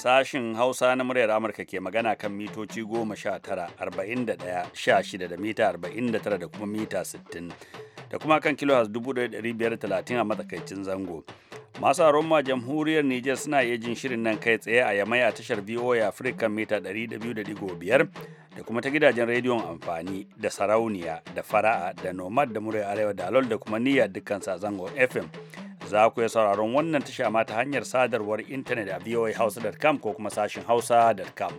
Sashin Hausa na muryar Amurka ke magana kan mitoci goma sha tara, arba'in da ɗaya, sha shida da mita arba'in da tara da kuma mita sittin, da kuma kan kilo dubu ɗari biyar talatin a matsakaicin zango. Masu aroma jamhuriyar Nijar suna iya jin shirin nan kai tsaye a yamai a tashar VOA Africa mita biyar, da kuma ta gidajen rediyon amfani da sarauniya da fara'a da nomad da murya arewa da alol da kuma niyya dukkan zango fm za ku iya sauraron wannan tasha ma ta hanyar sadarwar intanet a voahouse.com ko kuma sashin hausa.com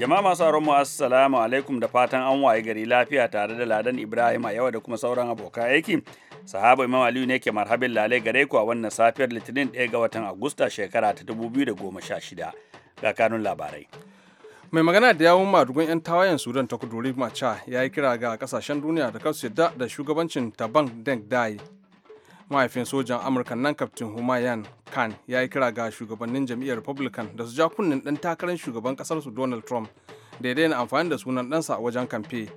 jama'a masu aron mu assalamu alaikum da fatan an waye gari lafiya tare da ladan ibrahim a yawa da kuma sauran abokan aiki sahaba imam aliyu ne ke marhabin lalai gare ku a wannan safiyar litinin 1 ga watan agusta shekara ta 2016 ga kanun labarai mai magana da yawun madugun 'yan tawayen sudan ta kudu rima cha ya yi kira ga kasashen duniya da kasu yadda da shugabancin taban deng dai mahaifin sojan amurka nan kaftin humayan khan ya yi kira ga shugabannin jam'iyyar republican da su ja kunnen dan takarar shugaban kasar su donald trump da ya daina amfani da sunan ɗansa wajen kamfe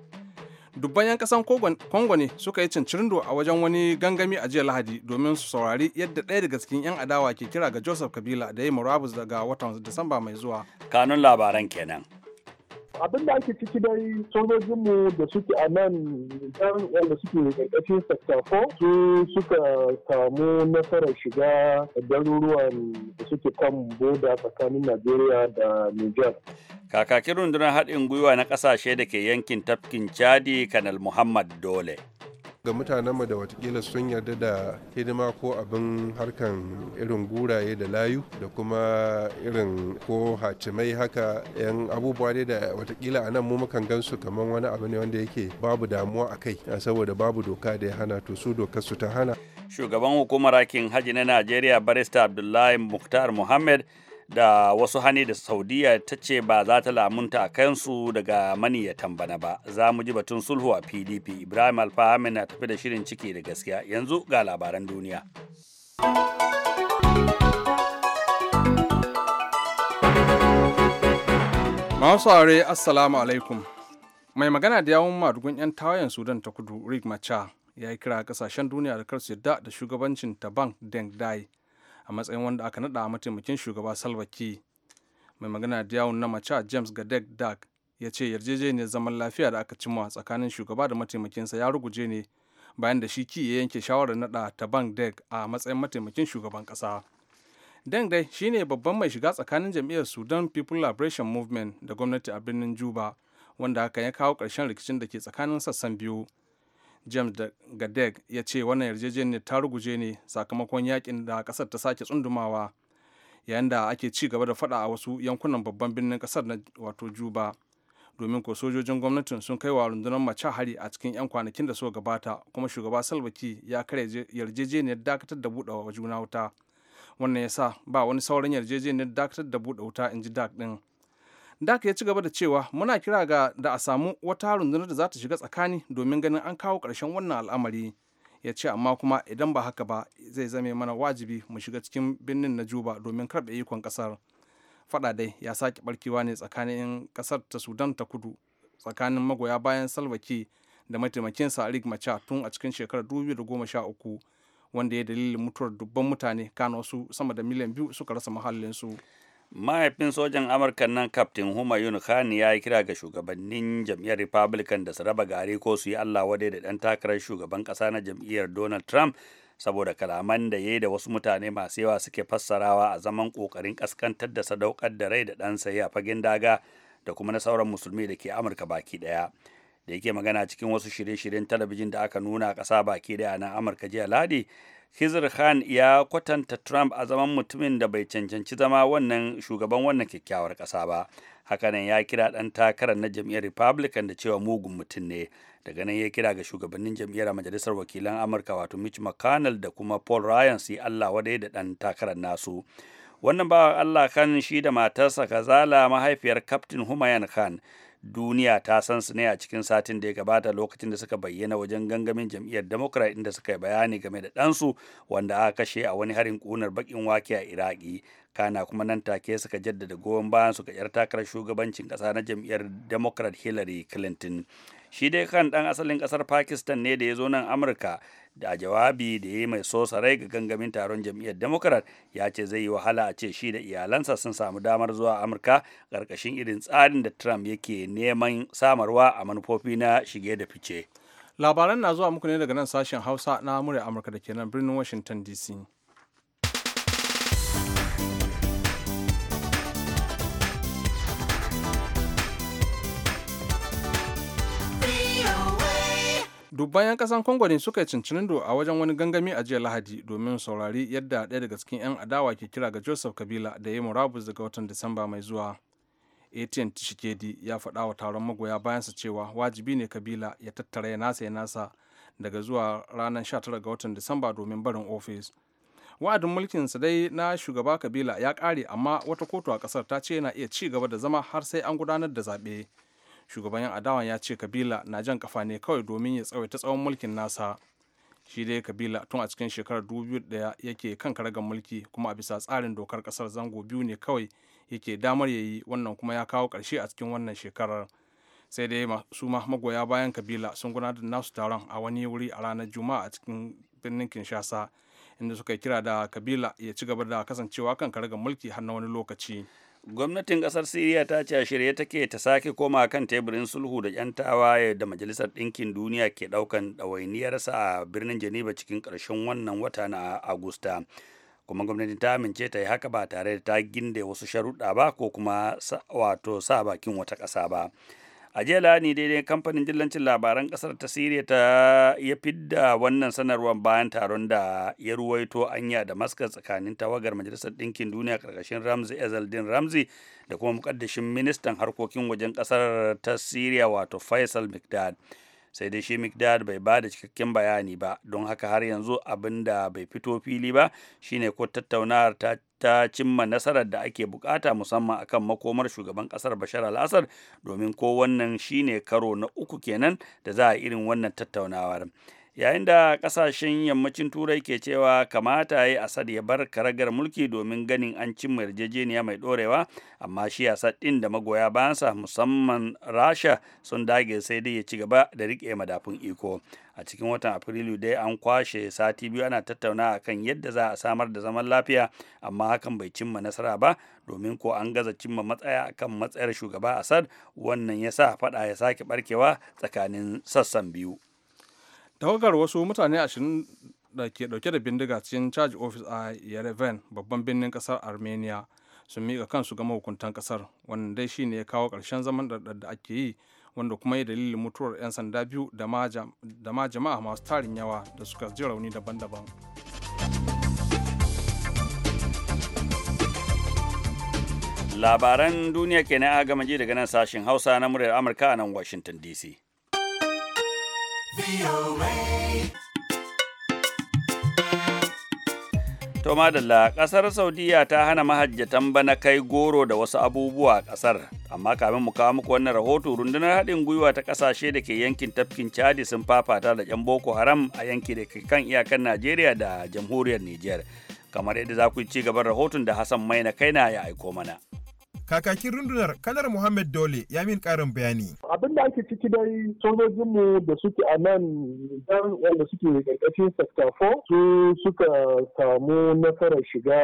dubban 'yan kasan kongo ne suka yi cincirindo a wajen wani gangami a jiya lahadi domin su saurari yadda ɗaya daga cikin 'yan adawa ke kira ga joseph kabila da ya yi murabus daga watan disamba mai zuwa kanun labaran kenan abin da ake ciki dai mu da suke a nan yan wanda suke ƙarƙashin sector su suka samu nasarar shiga garuruwan da suke kan boda tsakanin najeriya da niger kakakin rundunar haɗin gwiwa na ƙasashe da ke yankin tafkin chadi kanal muhammad dole ga mutanenmu da watakila sun yarda da hidima ko abin harkan irin guraye da layu da kuma irin ko hacimai haka yan abubuwa dai da watakila a nan mu mukan gansu kamar wani abu ne wanda yake babu damuwa a kai saboda babu doka da ya hana to su dokar su ta hana shugaban hukumar hakin haji na najeriya barista abdullahi muktar muhammad da wasu hane da saudiya ta ce ba za ta lamunta a kansu daga maniyatan tambana ba za mu ji batun sulhu a pdp ibrahim alfahami na tafi da shirin ciki da gaskiya yanzu ga labaran duniya masu are assalamu alaikum mai magana da yawon madugun 'yan tawayen sudan ta kudu rick macha ya yi kira kasashen duniya da kar su yadda da shugabancin ta bank deng dai a matsayin wanda aka nada mataimakin shugaba salva ki mai magana da yawon na macha james gadek dag ya ce yarjejeniyar zaman lafiya da aka cimma tsakanin shugaba da mataimakinsa ya ruguje ne bayan da shi ki ya yanke shawarar nada bank deg a matsayin mataimakin shugaban kasa deng dai shine babban mai shiga tsakanin jam'iyyar sudan people liberation movement da gwamnati a birnin juba wanda hakan ya kawo ƙarshen rikicin da ke tsakanin sassan biyu james gadeg ya ce wannan yarjejeniyar ta ruguje ne sakamakon yakin da kasar ta sake tsundumawa yayin da ake ci gaba da fada a wasu yankunan babban birnin kasar na wato juba domin ko sojojin gwamnatin sun kai wa rundunar mace hari a cikin 'yan kwanakin da suka gabata kuma shugaba salbaki ya kare yarjejeniyar dakatar da buɗe wa juna wuta wannan ya sa ba wani sauran yarjejeniyar dakatar da buɗe wuta in ji dak ɗin Daka ya ci gaba da cewa muna kira ga da a samu wata rundunar da za ta shiga tsakani domin ganin an kawo ƙarshen wannan al'amari. Ya ce amma kuma idan ba haka ba zai zame mana wajibi mu shiga cikin birnin na Juba domin karɓe ikon ƙasar. Faɗa dai ya sake barkewa ne tsakanin ƙasar ta Sudan ta kudu tsakanin magoya bayan salwaki da sa Rick Macha tun a cikin shekarar 2013 wanda ya dalilin mutuwar dubban mutane kano su sama da miliyan biyu suka rasa muhallinsu. mahaifin sojan amurka nan kaftin huma khani ya yi kira ga shugabannin jam'iyyar republican da su raba gari ko su yi allah wadai da ɗan takarar shugaban ƙasa na jam'iyyar donald trump saboda kalaman da ya yi da wasu mutane masu yawa suke fassarawa a zaman ƙoƙarin ƙaskantar da sadaukar da rai da ɗan saye a fagen daga da kuma na sauran musulmi da ke amurka baki ɗaya da yake magana cikin wasu shirye-shiryen talabijin da aka nuna a ƙasa baki ɗaya na amurka jiya ladi Hizir Khan ya kwatanta Trump a zaman mutumin da bai cancanci zama wannan shugaban wannan kyakkyawar ƙasa ba. Hakanan ya kira ɗan takarar na jam'iyyar Republican da cewa mugun mutum ne. Daga nan ya kira ga shugabannin jam'iyyar Majalisar Wakilan Amurka wato Mitch McConnell da kuma Paul Ryan su yi Allah wadai da ɗan takarar nasu. Wannan bawan Allah kan shi da matarsa Kazala mahaifiyar Captain Humayan Khan duniya ta san su ne a cikin satin da ya gabata lokacin da suka bayyana wajen gangamin jam'iyyar democrat inda suka yi bayani game da ɗansu wanda aka kashe a wani harin ƙunar baƙin wake a iraki kana kuma nan take suka jaddada goyon bayan su ga 'yar takarar shugabancin ƙasa na jam'iyyar democrat hillary clinton shi dai kan ɗan asalin ƙasar pakistan ne da ya zo nan amurka da a jawabi da ya yi mai sosa rai ga gangamin taron jam'iyyar democrat ya ce zai yi wahala a ce shi da iyalansa sun samu damar zuwa amurka ƙarƙashin irin tsarin da trump yake neman samarwa a manufofi na shige da fice labaran na zuwa muku ne daga nan sashen hausa na amurka da ke nan birnin washington dc dubban 'yan kasan congo ne suka yi cincirindo a wajen wani gangami a jiya lahadi domin saurari yadda ɗaya daga cikin 'yan adawa ke kira ga joseph kabila da ya yi murabus daga watan disamba mai zuwa atn tishikedi ya faɗa wa taron magoya bayansa cewa wajibi ne kabila ya tattara ya nasa ya nasa daga zuwa ranar 19 ga watan disamba domin barin ofis wa'adin mulkin sa dai na shugaba kabila ya ƙare amma wata kotu a ƙasar ta ce yana iya ci gaba da zama har sai an gudanar da zaɓe. shugaban yan adawa ya ce kabila na jan kafa ne kawai domin ya tsawaita tsawon mulkin nasa shi dai kabila tun a cikin shekarar 2001 yake kan karagar mulki kuma a bisa tsarin dokar kasar zango biyu ne kawai yake damar ya yi wannan kuma ya kawo karshe a cikin wannan shekarar sai dai su ma magoya bayan kabila sun gudanar da nasu taron a wani wuri a ranar juma'a a cikin birnin kinshasa inda suka kira da kabila ya ci gaba da kasancewa kan karagar mulki har na wani lokaci gwamnatin ƙasar siriya ta ce a shirye take ta sake koma kan teburin sulhu da 'yan tawaye da majalisar ɗinkin duniya ke ɗaukan ɗawainiyarsa a birnin geneva cikin ƙarshen wannan wata na agusta kuma gwamnati ta amince ta yi haka ba tare da ta ginde wasu sharuɗa ba ko kuma wato sa bakin wata ƙasa ba. a jiya la'ani daidai kamfanin dillancin labaran kasar ta siriya ta ya fidda wannan sanarwar bayan taron da ya ruwaito anya da maskar tsakanin tawagar majalisar ɗinkin duniya karkashin ramzi din ramzi da kuma mukaddashin ministan harkokin wajen ƙasar ta siriya wato faisal mcdad sai dai shi mcdad bai ba da cikakken bayani ba don haka har yanzu abin da bai fito fili ba shine ko tattaunawar ta ta cimma nasarar da ake bukata musamman akan makomar shugaban kasar bashar al-assad domin ko wannan shine karo na uku kenan da za a irin wannan tattaunawar yayin da kasashen yammacin turai ke cewa kamata ya yi asad ya bar karagar mulki domin ganin an cimma yarjejeniya mai dorewa amma shi asad ɗin da magoya bayansa musamman rasha sun dage sai dai ya ci gaba da riƙe madafin iko a cikin watan afrilu dai an kwashe sati biyu ana tattauna akan yadda za a samar da zaman lafiya amma hakan bai cimma nasara ba domin ko an gaza cimma matsaya akan matsayar shugaba asad wannan ya sa faɗa ya sake ɓarkewa tsakanin sassan biyu tawagar wasu mutane ashirin da ke dauke da bindiga cikin charge office a yerevan babban birnin kasar armenia sun miƙa kansu ga mahukuntan kasar wannan dai shine ya kawo ƙarshen zaman ɗarɗar da ake yi wanda kuma ya dalilin mutuwar 'yan sanda biyu da ma jama'a masu tarin yawa da suka ji rauni daban-daban labaran duniya kenan a gama ji daga nan sashen hausa na muryar amurka a nan washington dc To madalla ƙasar Saudiya ta hana mahajjatan bana kai goro da wasu abubuwa a ƙasar, amma kamin mu kawo muku wannan rahoto rundunar haɗin gwiwa ta ƙasashe da ke yankin tafkin Chadi sun fafata da ƴan Boko Haram a yanki da ke kan iyakan Najeriya da jamhuriyar Nijar. Kamar yadda za ku ci gaban rahoton da Hassan Maina kaina ya aiko mana. Kakakin rundunar Kanar Muhammad Dole ya min karin bayani. Abin da ake ciki dai sojojinmu da suke a nan dan wanda suke karkashin sector 4 su suka samu nasarar shiga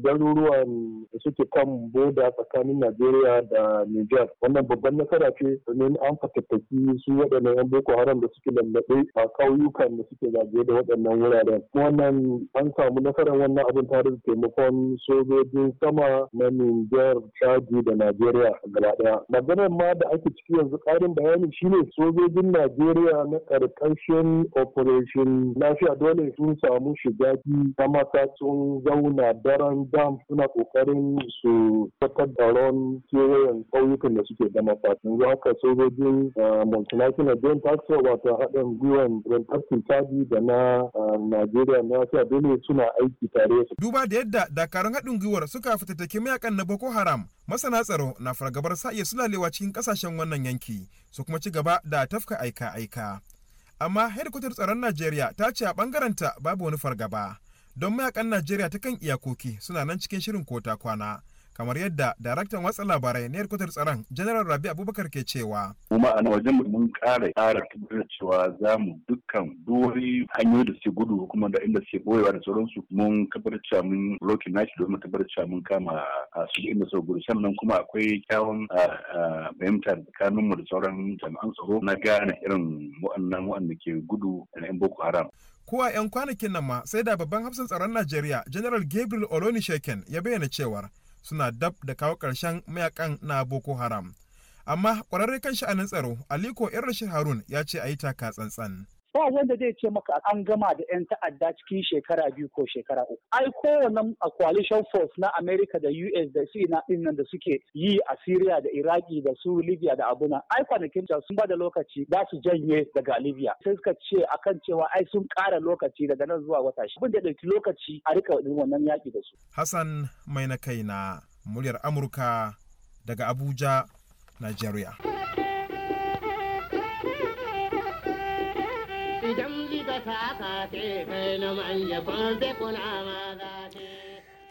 garuruwan da suke kan boda tsakanin Najeriya da Nijar. Wannan babban nasara ce domin an fatattaki su waɗannan 'yan Boko Haram da suke lallaɓe a ƙauyukan da suke zagaye da waɗannan wuraren. Wannan an samu nasarar wannan abin tare da taimakon sojojin sama na Niger yaji da Najeriya gaba daya. Maganar ma da ake ciki yanzu ƙarin bayani shine sojojin Najeriya na ƙarƙashin operation lafiya dole sun samu shiga ta matatun zauna daren dam suna ƙoƙarin su fitar da ron kewayen ƙauyukan da suke da zuwa ka sojojin eh, multinational joint task wato haɗin gwiwan rantarkin chadi da na eh, Najeriya na lafiya dole suna aiki tare. Duba da yadda dakarun haɗin gwiwar suka fitattaki mayakan na Boko Haram masana tsaro na fargabar sa iya sulalewa cikin kasashen wannan yanki su kuma ci gaba da tafka aika-aika amma hedikwatar tsaron najeriya ta ce a bangaranta babu wani fargaba don mayakan najeriya ta kan iyakoki suna nan cikin shirin kota kwana kamar yadda daraktan watsa labarai na yarkutar tsaron general rabi abubakar ke cewa kuma a wajen mun kara kara tabbatar cewa za mu dukkan duwari hanyoyi da suke gudu kuma da inda suke boyewa da sauransu mun kabar cewa mun rokin nashi domin tabbatar cewa mun kama a su inda su gudu sannan kuma akwai kyawun fahimta tsakanin mu da sauran jami'an tsaro na gane irin wa'annan wa'anda ke gudu da 'yan boko haram ko a 'yan kwanakin nan ma sai da babban hafsan tsaron Najeriya General Gabriel oloni shekin ya bayyana cewar suna dab da kawo ƙarshen mayakan na Boko Haram. Amma ƙwararre kan sha'anin tsaro, Aliko rashin Harun ya ce a yi taka tsantsan. ba wanda zai ce maka an gama da 'yan ta'adda cikin shekara biyu ko shekara uku. Ai kowane a coalition force na America da US da su na ɗin nan da suke yi a Syria da Iraki da su Libya da abuna. Ai kwanakin can sun bada lokaci za su janye daga Libya. Sai suka ce akan cewa ai sun ƙara lokaci daga nan zuwa wata shi. Abin da ɗauki lokaci a rika wannan yaƙi da su. Hassan mai na kai na muryar Amurka daga Abuja, Nigeria.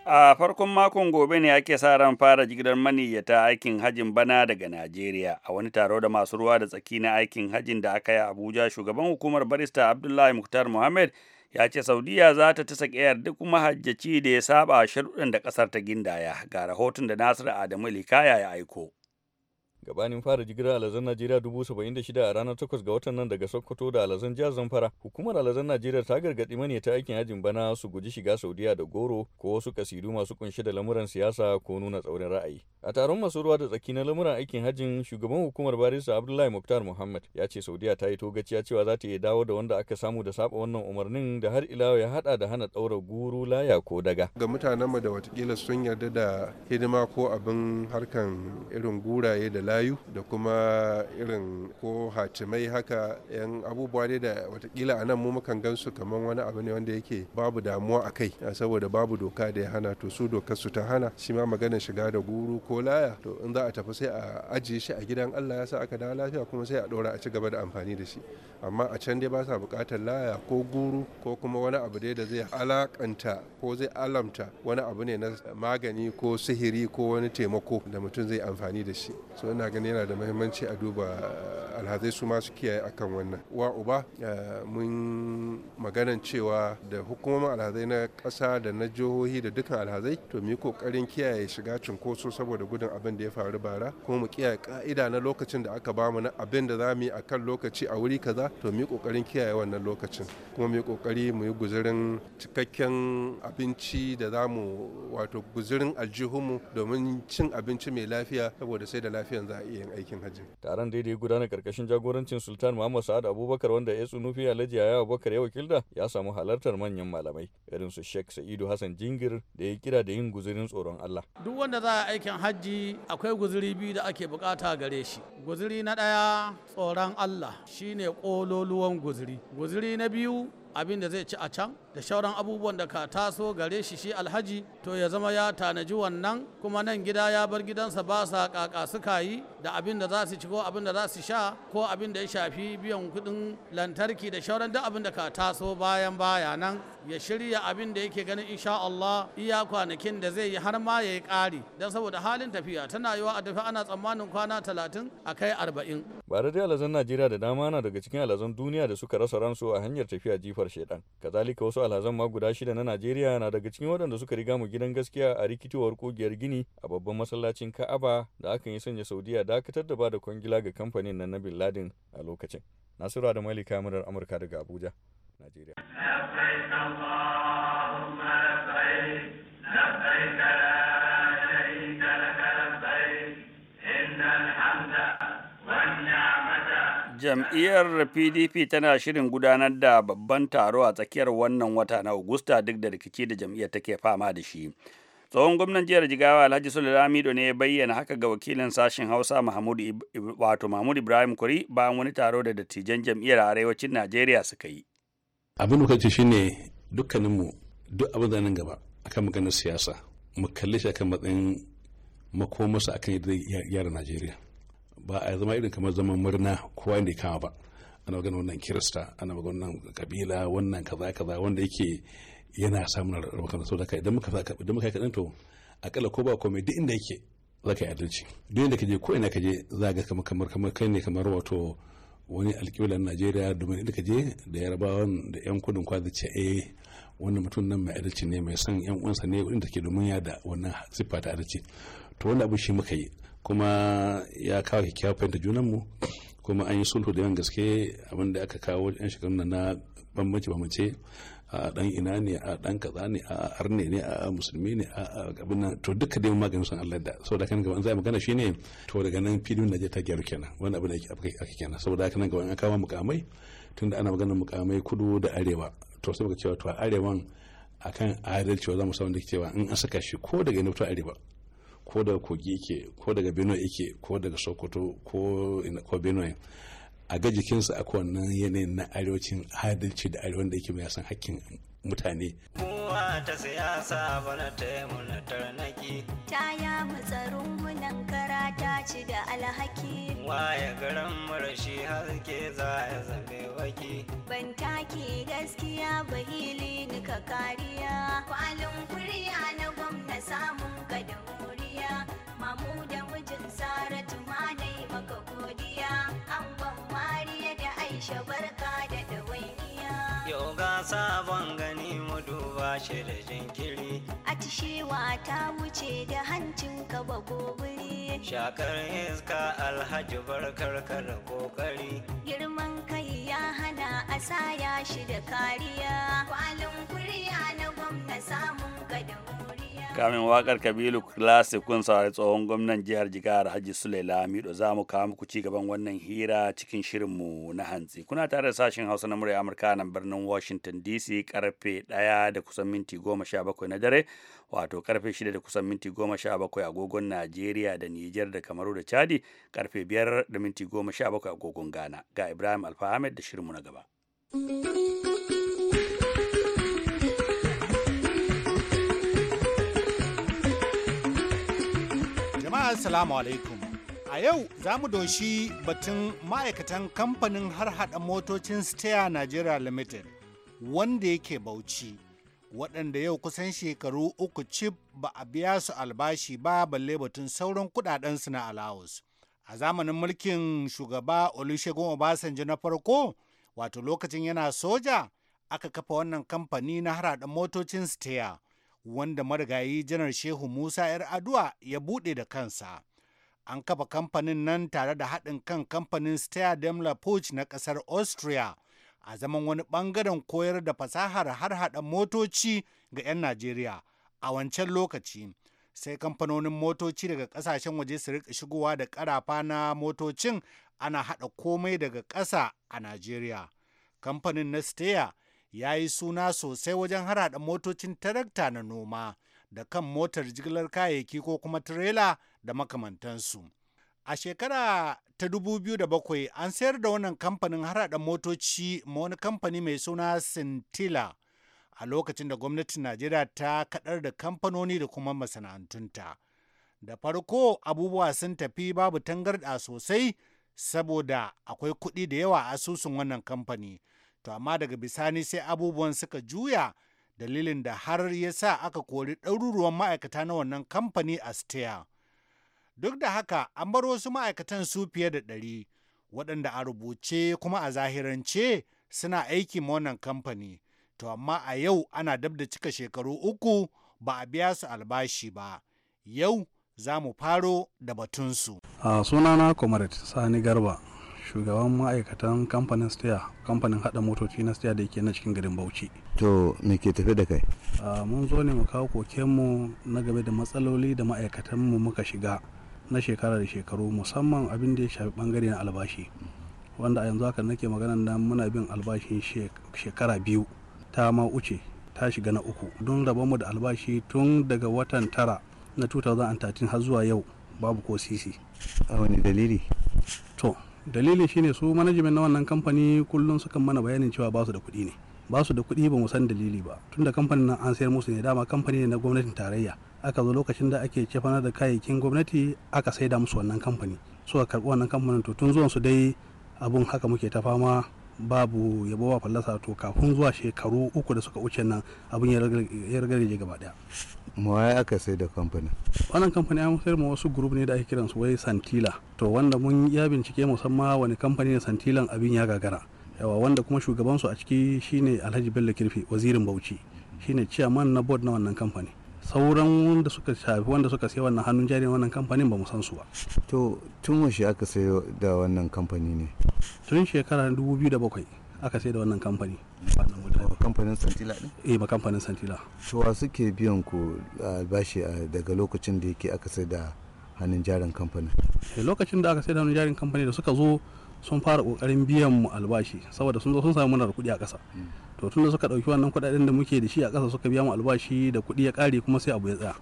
a farkon makon gobe ne ake sa ran fara jigilar maniyyata aikin hajin bana daga Najeriya a wani taro da masu ruwa da tsaki na aikin hajin da aka yi a Abuja shugaban hukumar barista Abdullahi Muktar Muhammad ya ce Saudiya za ta tasa kayar duk mahajjaci da ya saba sharuɗan da ƙasar ta gindaya ga rahoton da Nasiru Adamu Likaya ya aiko. gabanin fara jigilar alazan najeriya dubu saba'in da shida a ranar takwas ga watan nan daga sokoto da alazan jihar zamfara hukumar alazan najeriya ta gargaɗi ta aikin yajin bana su guji shiga saudiya da goro ko wasu kasidu masu kunshe da lamuran siyasa ko nuna tsaurin ra'ayi a taron masu ruwa da tsaki na lamuran aikin hajjin shugaban hukumar barisa abdullahi muktar muhammad ya ce saudiya ta yi togaciya cewa za ta iya dawo da wanda aka samu da saba wannan umarnin da har ila ya hada da hana ɗaura guru laya ko daga ga mutanenmu da watakila sun yarda da hidima ko abin harkan irin guraye da laya layu da kuma irin ko hatimai haka yan abubuwa dai da watakila a nan mu mukan su kamar wani abu ne wanda yake babu damuwa a kai saboda babu doka da ya hana to su dokar su ta hana shi ma maganar shiga da guru ko laya to in za a tafi sai a ajiye shi a gidan Allah ya sa aka dawo lafiya kuma sai a dora a ci gaba da amfani da shi amma a can dai ba sa bukatar laya ko guru ko kuma wani abu dai da zai alakanta ko zai alamta wani abu ne na magani ko sihiri ko wani taimako da mutum zai amfani da shi so ina gani ganin yana da mahimmanci a duba eh, alhazai su masu kiyaye akan wannan wa uba eh, mun maganan cewa da hukumomin alhazai na ƙasa da na jihohi da dukkan alhazai to mu yi ƙoƙarin kiyaye shiga cunkoso saboda gudun abin da ya faru bara kuma mu kiyaye ka'ida na lokacin da aka bamu na abin da za mu yi akan lokaci a wuri kaza to mu yi ƙoƙarin kiyaye wannan lokacin kuma mu yi ƙoƙari mu yi guzurin cikakken abinci da za mu wato guzurin aljihunmu domin cin abinci mai lafiya saboda sai da lafiyan za a iya yin aikin hajji. Taron daidai gudana karkashin jagorancin Sultan Muhammad Sa'ad Abubakar wanda ya tsunufi Alhaji Yaya Abubakar ya wakilta ya samu halartar manyan malamai irin su Sheikh Sa'idu Hassan Jingir da ya kira da yin guzurin tsoron Allah. Duk wanda za a aikin hajji akwai guzuri biyu da ake bukata gare shi. Guzuri na ɗaya tsoron Allah shine kololuwan guzuri. Guzuri na biyu abin da zai ci a can da shauran abubuwan da ka taso gare shi shi alhaji to ya zama ya tanaji wannan kuma nan gida ya bar gidansa ba sa kaka suka yi da abin da za su ci ko abin da za su sha ko abin da ya shafi biyan kuɗin lantarki da shauran duk abin da ka taso bayan baya nan ya shirya abin da yake ganin insha Allah iya kwanakin da zai yi har ma ya yi ƙari don saboda halin tafiya tana yiwa a tafi ana tsammanin kwana talatin a kai arba'in. Bare dai alazan Najeriya da dama na daga cikin alazan duniya da suka rasa ransu a hanyar tafiya jifar shaidan. Kazalika wasu alhazan ma guda shida na Najeriya na daga cikin waɗanda suka riga mu gidan gaskiya a rikitowar kogiyar Gini a babban masallacin Ka'aba da aka yi sanya Saudiya dakatar da ba da kwangila ga kamfanin nan na Bin Laden a lokacin. Nasiru da Malika Murar Amurka daga Abuja, Najeriya. jam'iyyar pdp tana shirin gudanar da babban taro a tsakiyar wannan wata na augusta duk da rikici da jam'iyyar take fama da shi tsohon gwamnan jihar jigawa alhaji sulalamido ne ya bayyana haka ga wakilin sashen hausa mahmud wato mahmud ibrahim kuri bayan wani taro da dattijan jam'iyyar arewacin najeriya suka yi abin da ce shine dukkaninmu duk abin da nan gaba akan maganar siyasa mu kalle shi akan matsayin makomarsa akan yadda yara najeriya ba a zama irin kamar zaman murna kowa ne kama ba ana magana wannan kirista ana magana wannan kabila wannan kaza kaza wanda yake yana samun rahoton sau daga idan muka idan muka kaɗan to akalla ko ba komai duk inda yake za ka yi adalci duk inda ka je ko ina ka je za ga kamar kamar kamar kai ne kamar wato wani alƙiblar najeriya domin inda ka je da yarabawan da yan kudin kwazi ce eh wannan mutum nan mai adalci ne mai son yan uwansa ne inda ke domin ya da wannan siffa ta adalci to wannan abu shi muka yi kuma ya kawo kyakkyawar fahimta junanmu kuma an yi sulhu da yawan gaske abinda aka kawo yan shekaru na na bambanci bambance a dan ina ne a dan kaza ne a arne ne a musulmi ne a abin nan to duka dai magani sun Allah da saboda kan gaban zai magana shine to daga nan filin naje ta gyaru kenan wani abin da yake aka kenan saboda kan gaban an kawo mukamai tunda ana magana mukamai kudu da arewa to sai muka cewa to arewan akan adalci za mu samu da cewa in an saka shi ko daga ina to arewa ko daga kogi yake ko daga benue yake ko daga sokoto ko ko benue a ga jikinsa akwai wannan yanayin na arewacin adalci da arewan da yake mai san hakkin mutane. Kowa ta siyasa bana ta yi muna tarnaki. Ta ya matsarin munan kara ta ci da alhaki. Waye garin marashi haske za ya zame waki. Ban take gaskiya ba hili ni ka kariya. Kwalin kuriya na gwamna samun ka da sha barka da ɗawainiya. Yau ga sabon gani mu duba shi da jinkiri. Atishewa ta wuce da hancin ka ba gobiri. Shakar iska alhaji barkar ka da kokari. Girman kai ya hana a saya shi da kariya. Kwalin kurya na gwamna samun ka da muri. kamin wakar kabilu classic kun saurari tsohon gwamnan jihar Jigar hajji sule lamido za mu kawo muku ci gaban wannan hira cikin shirinmu na hantsi kuna tare da sashen hausa na murya amurka nan birnin washington dc karfe 1 da kusan minti 17 na dare wato karfe shida da kusan minti 17 agogon najeriya da niger da kamaru da chadi karfe 5 da minti 17 agogon ghana ga ibrahim alfahamed da shirinmu na gaba. Assalamu alaikum a yau za mu doshi batun ma'aikatan kamfanin har hada motocin steya nigeria limited wanda yake bauchi waɗanda yau kusan shekaru uku cif ba a biya su albashi ba balle batun sauran kudadensu na alawus a zamanin mulkin shugaba olusegun obasanjo na farko wato lokacin yana soja aka kafa wannan kamfani na harhaɗa motocin steya wanda marigayi janar shehu musa yar adu'a ya buɗe da kansa an kafa kamfanin nan tare da haɗin kan kamfanin steyr demla poch na ƙasar austria a zaman wani ɓangaren koyar da fasahar har haɗa motoci ga 'yan najeriya a wancan lokaci sai kamfanonin motoci daga ƙasashen waje su rika shigowa da ƙarafa na motocin ana haɗa komai daga ƙasa a najeriya kamfanin na steyr ya yi suna sosai wajen harhaɗa motocin tarakta na noma da kan motar jigilar kayayyaki ko kuma tirela da makamantansu. A shekara ta 2007 an sayar da wannan kamfanin harhaɗa motoci ma wani kamfani mai suna Scintilla a lokacin da gwamnatin Najeriya ta kadar da kamfanoni da kuma masana'antunta. Da farko abubuwa sun tafi babu tangarɗa sosai saboda akwai kuɗi da yawa a asusun wannan kamfani. to amma daga bisani sai abubuwan suka juya dalilin da har ya sa aka kori ɗaruruwan ma'aikata na wannan kamfani a steya duk da haka an bar wasu ma'aikatan su fiye da ɗari waɗanda a rubuce kuma a zahirance suna aiki ma wannan kamfani to amma a yau ana dab da cika shekaru uku ba a biya su albashi ba yau za mu faro da batunsu. a sunana comrade sani garba shugaban ma'aikatan kamfanin steya kamfanin hada motoci na steya da ke na cikin garin bauchi to me ke tafi da kai mun zo ne mu kawo kokenmu na game da matsaloli da ma'aikatanmu muka shiga na shekara da shekaru musamman abin da ya shafi bangare na albashi wanda a yanzu haka nake magana da muna bin albashin shekara biyu ta ma uce ta shiga na uku don rabonmu da albashi tun daga watan tara na 2013 har zuwa yau babu ko sisi a wani dalili to dalili shine su manajimen na wannan kamfani kullum sukan mana bayanin cewa basu da kuɗi ne basu da kuɗi ba mu san dalili ba tunda kamfanin nan an sayar musu ne dama kamfani ne na gwamnatin tarayya aka zo lokacin da ake cefanar da kayayyakin gwamnati aka sai da musu wannan kamfani suka karɓi wannan kamfanin to tun zuwan su dai abun haka muke ta fama babu yabo ba fallasa to kafin zuwa shekaru uku da suka wuce nan abun ya rage gaba daya mawaye aka sai da kamfanin wannan kamfanin ya musayar ma wasu gurubu ne da ake kiransu wai santila to wanda mun ya bincike musamman wani kamfani ne santilan abin ya gagara yawa wanda kuma shugabansu a ciki shine alhaji bello kirfi wazirin bauchi shine chairman na board na wannan kamfani sauran wanda suka shafi wanda suka sai wannan hannun jari wannan kamfanin ba mu san su ba to tun washe aka sayo da wannan kamfani ne tun shekara 2007 aka sai da wannan kamfani oh, kamfanin santila ne. eh ba kamfanin santila to wa suke biyan ku albashi daga lokacin da yake aka sai da hannun jarin kamfanin eh, lokacin da aka sai da hannun jarin kamfani da suka zo sun fara kokarin biyan mu albashi saboda sun zo sun samu munar kuɗi a ƙasa hmm. to tun da suka ɗauki wannan kuɗaɗen da muke da shi a ƙasa suka biya mu albashi da kuɗi ya ƙare kuma sai abu ya tsaya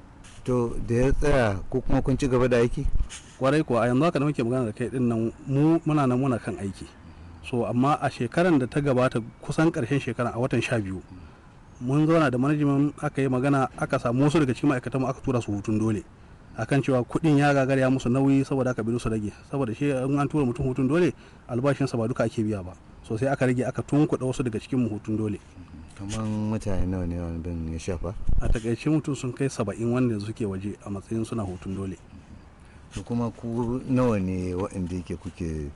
to da ya tsaya ko kuma kun ci gaba da aiki kwarai kuwa a yanzu haka da muke magana da kai ɗin nan mu muna nan muna kan aiki so amma a shekaran da ta gabata kusan karshen shekara a watan sha biyu mun zauna da manajimin aka yi magana aka samu wasu daga cikin ma'aikatan aka tura su hutun dole akan cewa kuɗin ya gagara ya musu nauyi saboda aka bi su rage saboda shi in an tura mutum hutun dole albashinsa ba duka ake biya ba so sai aka rage aka tunkuɗa wasu daga cikin mu hutun dole kamar mutane nawa ne wani bin ya shafa a takaice mutum sun kai saba'in wanda suke waje a matsayin suna hutun dole kuma ku nawa ne waɗanda yake kuke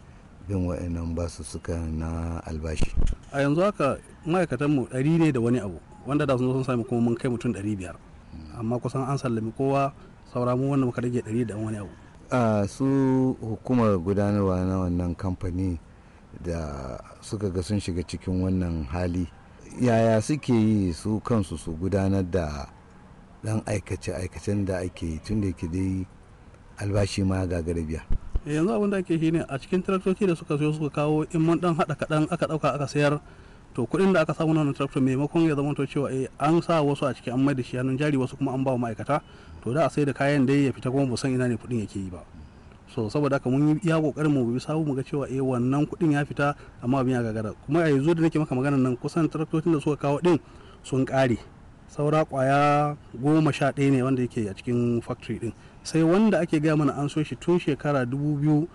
bin wa'annan basu suka na albashi a yanzu haka ma'aikatanmu ɗari ne da wani abu wanda da sun zo sun sami kuma mun kai mutum ɗari biyar amma kusan an sallami kowa saura mu wanda muka rage ɗari da wani abu a su hukumar gudanarwa na wannan kamfani da suka ga sun shiga cikin wannan hali yaya suke yi su kansu su gudanar da dan aikace-aikacen da ake yi tun da ke dai albashi ma ga biya eh, yanzu abin da ake shi ne a cikin traktoci da suka zo suka kawo in mun dan hada kadan aka dauka aka sayar to kuɗin da aka samu na traktor maimakon ya zama cewa eh an sa wasu a cikin an mai da shi hannun jari wasu kuma an ba ma'aikata to da a sai da kayan dai ya fita kuma ba san ina ne kuɗin yake yi ba so saboda haka mun yi iya kokarin mu bi sabu mu ga cewa eh wannan kuɗin ya fita amma abin ya gagara kuma a yanzu da nake maka magana nan kusan traktocin da suka kawo din sun kare saura kwaya goma sha ɗaya ne wanda yake a cikin factory din sai wanda ake gaya mana an so shi tun shekara 2012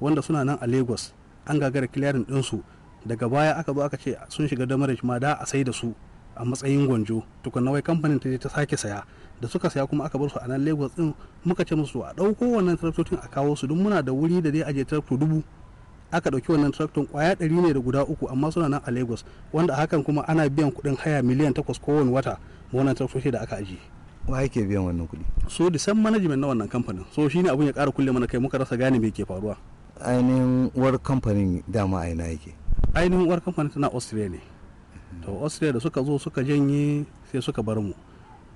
wanda suna nan a lagos an gagara din su daga baya aka zo aka ce sun shiga damarish ma da a sai da su a matsayin gwanjo tukunna wai kamfanin ta je ta sake saya da suka saya kuma aka bar su a nan lagos din muka ce musu a ɗauko wannan traktocin a kawo su don muna da wuri da dai aje traktor dubu aka ɗauki wannan traktor kwaya ɗari ne da guda uku amma suna nan a lagos wanda hakan kuma ana biyan kuɗin haya miliyan takwas kowane wata wannan traktoci da aka ajiye wa yake biyan wannan kuɗi so da san management na wannan kamfanin so shine abun ya ƙara kulle mana kai muka rasa gane me ke faruwa ainihin uwar kamfanin dama aina yake ainihin war kamfanin tana austria ne mhm. to austria da suka zo suka janye sai suka bar mu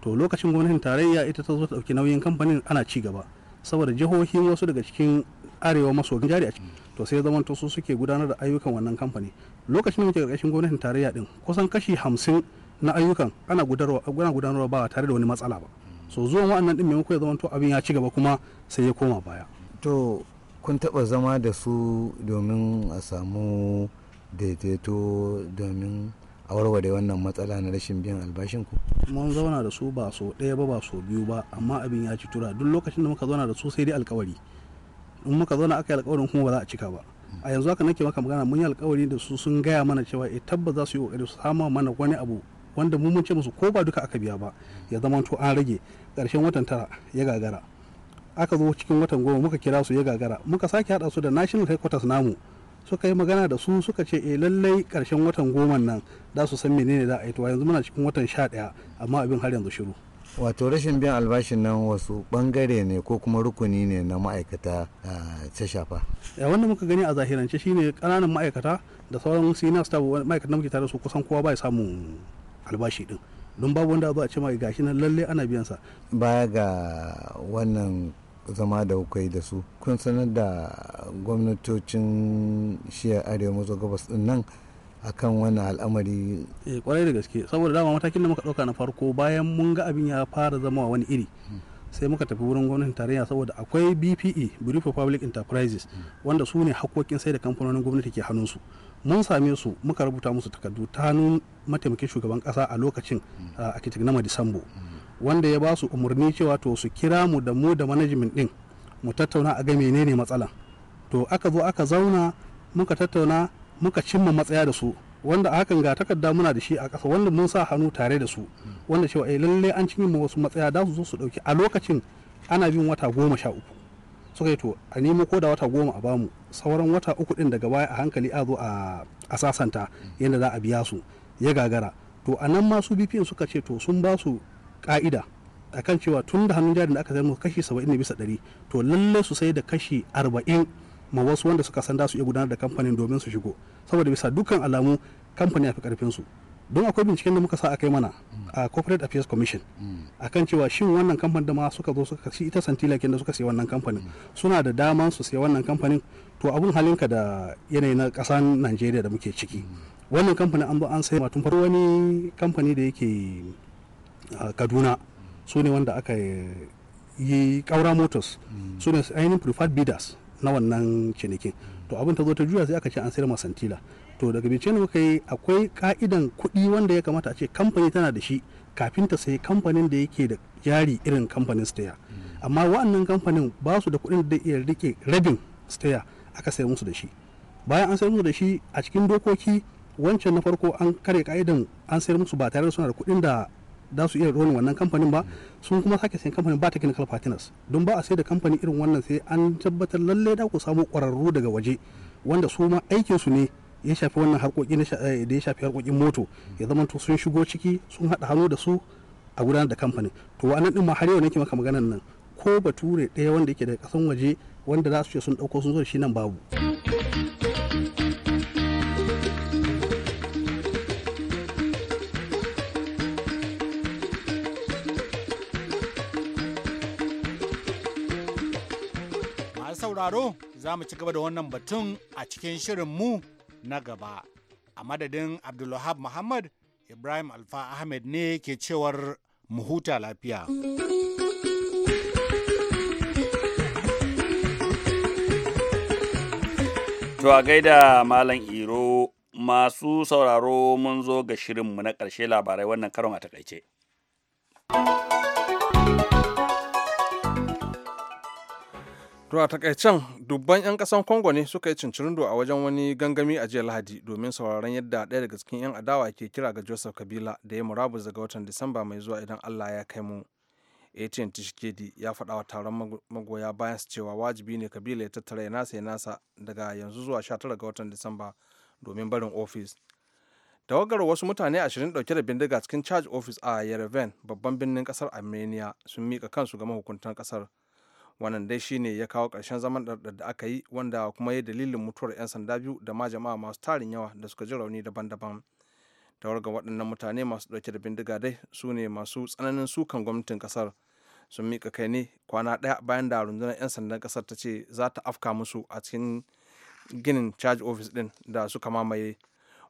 to lokacin gwamnatin tarayya ita ta zo ta dauki nauyin kamfanin ana ci gaba saboda jihohin wasu daga cikin arewa maso jari a ciki mm. to sai zaman to su suke gudanar da ayyukan wannan kamfani lokacin da muke ƙarƙashin gwamnatin tarayya din kusan kashi hamsin na ayyukan ana gudanarwa ba tare da wani matsala ba so zuwan wa'annan din maimako ya to abin ya ci gaba kuma sai ya koma baya to kun taba zama da su domin a samu daidaito domin a warware wannan matsala na rashin biyan albashin ku mun zauna da su ba so ɗaya ba ba so biyu ba amma abin ya ci tura duk lokacin da muka zauna da su sai dai alkawari in muka zauna aka yi alkawarin kuma ba za a cika ba a yanzu haka nake maka magana mun yi alkawari da su sun gaya mana cewa e tabbas za su yi kokari su sama mana wani abu wanda mu mun ce musu ko ba duka aka biya ba ya zama to an rage ƙarshen watan tara ya gagara aka zo cikin watan goma muka kira su ya gagara muka sake hada su da national headquarters namu suka yi magana da su suka ce eh lallai ƙarshen watan goma nan da su san menene da a yi to yanzu muna cikin watan sha ɗaya amma abin har yanzu shiru wato rashin biyan albashin nan wasu bangare ne ko kuma rukuni ne na ma'aikata ta shafa wanda muka gani a zahirance shine kananan ma'aikata da sauran senior staff ma'aikatan muke tare su kusan kowa baya samu. albashi din don babu wanda za a ce ma gashi nan lalle ana biyan sa baya ga wannan zama da kuka da su kun sanar da gwamnatocin shiyar arewa maso gabas din nan akan wannan al'amari eh kwarai da gaske saboda dama matakin da muka dauka na farko bayan mun ga abin ya fara zama wani iri sai muka tafi wurin gwamnatin tarayya saboda akwai bpe brief for public enterprises wanda su ne hakokin sai da kamfanonin gwamnati ke hannunsu su mun same su muka rubuta musu takardu ta hannun mataimakin shugaban kasa a lokacin mm. uh, a kitignama Disambu. wanda ya ba su umarni cewa to su kira mu da mu da manajimin din mu tattauna a ga menene matsalan to aka zo aka zauna muka tattauna muka cimma matsaya da su wanda hakan ga takarda muna da shi a ƙasa wanda mun sa hannu tare da su mm. wanda cewa eh, lallai an cimma wasu matsaya da su zo su ɗauki. a lokacin ana bin wata goma sha uku suka yi to a nemo ko da wata goma a bamu sauran wata uku din daga baya a hankali a zo a sasanta yadda za a biya su ya gagara to a nan masu bpn suka ce to sun ba su ka'ida kan cewa tun da hannun jarin da aka zama kashi 70 bisa 100 to lallai su sai da kashi arba'in ma wasu wanda suka san su iya gudanar da kamfanin domin su shigo saboda bisa dukkan alamu kamfani ya fi karfin su don akwai binciken da muka sa akai mana a corporate affairs commission akan cewa shin wannan kamfanin da ma suka zo suka shi ita santila da suka sai wannan kamfanin suna da dama su sai wannan kamfanin to abun halinka da yanayi na ƙasar najeriya da muke ciki wannan kamfanin an zo an sai tun faru. wani kamfani da yake kaduna su ne wanda aka yi kaura motors su ne ainihin preferred bidders na wannan cinikin to abin ta zo ta juya sai aka ce an sayar ma santila to daga bincike da muka yi akwai ka'idan kuɗi wanda ya kamata a ce kamfani tana da shi kafin ta sayi kamfanin da yake da jari irin kamfanin steya hmm. amma wa'annan kamfanin ba su da kuɗin da iya rike rabin steya aka sai musu da shi bayan an sayar musu da shi a cikin dokoki wancan na farko an kare ka'idan an sayar musu ba tare da suna da kuɗin da za su iya rolin wannan kamfanin ba hmm. sun kuma sake sayan kamfanin ba ta technical partners don ba a sai da kamfani irin wannan sai an tabbatar lallai da ku samu ƙwararru daga waje wanda su ma aikinsu ne ya shafi wannan harkoki eh, da ya shafi harkokin moto ya zama to sun shigo ciki sun haɗa hannu da su a gudanar da kamfani to wa'annan din ma har yau nake maka maganar nan ko bature ɗaya wanda yake daga kasan waje wanda za su ce sun ɗauko sun zo da shi nan babu. sauraro za mu ci gaba da wannan batun a cikin shirin mu na gaba a madadin abdulwahab muhammad ibrahim alfa ahmed ne ke cewar mu lafiya to a gaida malam iro masu sauraro mun zo ga shirinmu na ƙarshe labarai wannan karon a takaice. To a takaicen dubban 'yan kasan Congo ne suka yi cincirindo a wajen wani gangami a jiya Lahadi domin sauraron yadda ɗaya daga cikin 'yan adawa ke kira ga Joseph Kabila da ya murabus daga watan Disamba mai zuwa idan Allah ya kai mu. ATN Tshisekedi ya faɗa wa taron magoya bayan cewa wajibi ne Kabila ya tattara ya nasa ya nasa daga yanzu zuwa 19 ga watan Disamba domin barin ofis. Tawagar wasu mutane ashirin ɗauke da bindiga cikin charge office a Yerevan babban birnin ƙasar Armenia sun mika kansu ga mahukuntan kasar. wannan dai shine ya kawo ƙarshen zaman ɗarɗar da aka yi wanda kuma ya dalilin mutuwar 'yan sanda biyu da ma jama'a masu tarin yawa da suka ji rauni daban-daban tawar ga waɗannan mutane masu ɗauke da bindiga dai su ne masu tsananin sukan gwamnatin ƙasar sun mika kai ne kwana ɗaya bayan da rundunar 'yan sandan ƙasar ta ce za ta afka musu a cikin ginin charge office ɗin da suka mamaye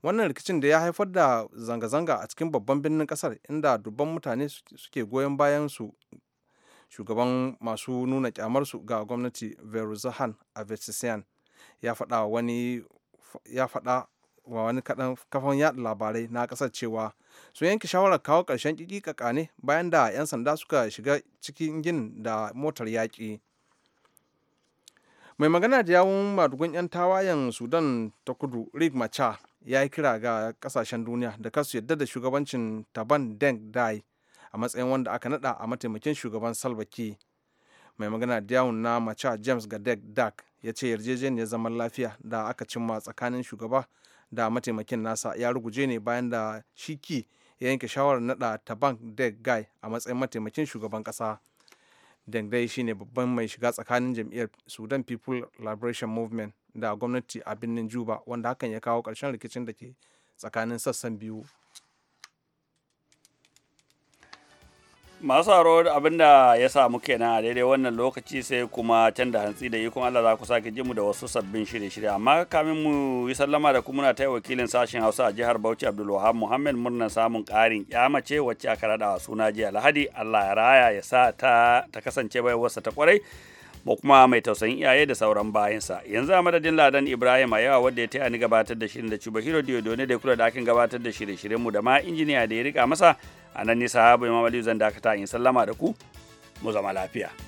wannan rikicin da ya haifar da zanga-zanga a cikin babban birnin kasar inda dubban mutane suke goyon bayan su shugaban masu nuna kyamarsu ga gwamnati veruzahan avetisiyan ya faɗa wani ya faɗa wa wani kaɗan kafan yaɗa labarai na ƙasar cewa sun yanke shawarar kawo ƙarshen ƙiƙiƙaƙa ne bayan da 'yan sanda suka shiga cikin ginin da motar yaƙi mai magana da yawun madugun 'yan tawayen sudan ta kudu rig macha ya yi kira ga ƙasashen duniya da kasu yadda da shugabancin taban deng dai a matsayin wanda aka nada a mataimakin shugaban salva mai magana diyawun na macha james gadek dak ya ce yarjejeniyar zaman lafiya da aka cimma tsakanin shugaba da mataimakin nasa ya ruguje ne bayan da shiki ya yanke shawarar nada bank deg guy a matsayin mataimakin shugaban kasa dengdai shine babban mai shiga tsakanin jam'iyyar sudan people liberation movement da gwamnati a birnin juba wanda hakan ya kawo ƙarshen rikicin da ke tsakanin sassan biyu masu haro da ya samu kenan a daidai wannan lokaci sai kuma can da hantsi da ikon Allah za ku sake jimu da wasu sabbin shirye-shirye amma kamin mu yi sallama da kuma na ta wakilin sashen Hausa a jihar Bauchi Abdulwahab Muhammad murna samun ƙarin kyamace wacce aka rada suna jiya lahadi Allah ya raya ya sa ta ta kasance baiwarsa ta kwarai mu kuma mai tausayin iyaye da sauran bayansa yanzu a madadin ladan ibrahim a yawa wadda ya taya ni gabatar da shirin da cuba hero diodone da kula da akin gabatar da shirye-shiryenmu da ma injiniya da ya rika masa a nan ne sahabu imam aliyu zan dakata in sallama da ku mu zama lafiya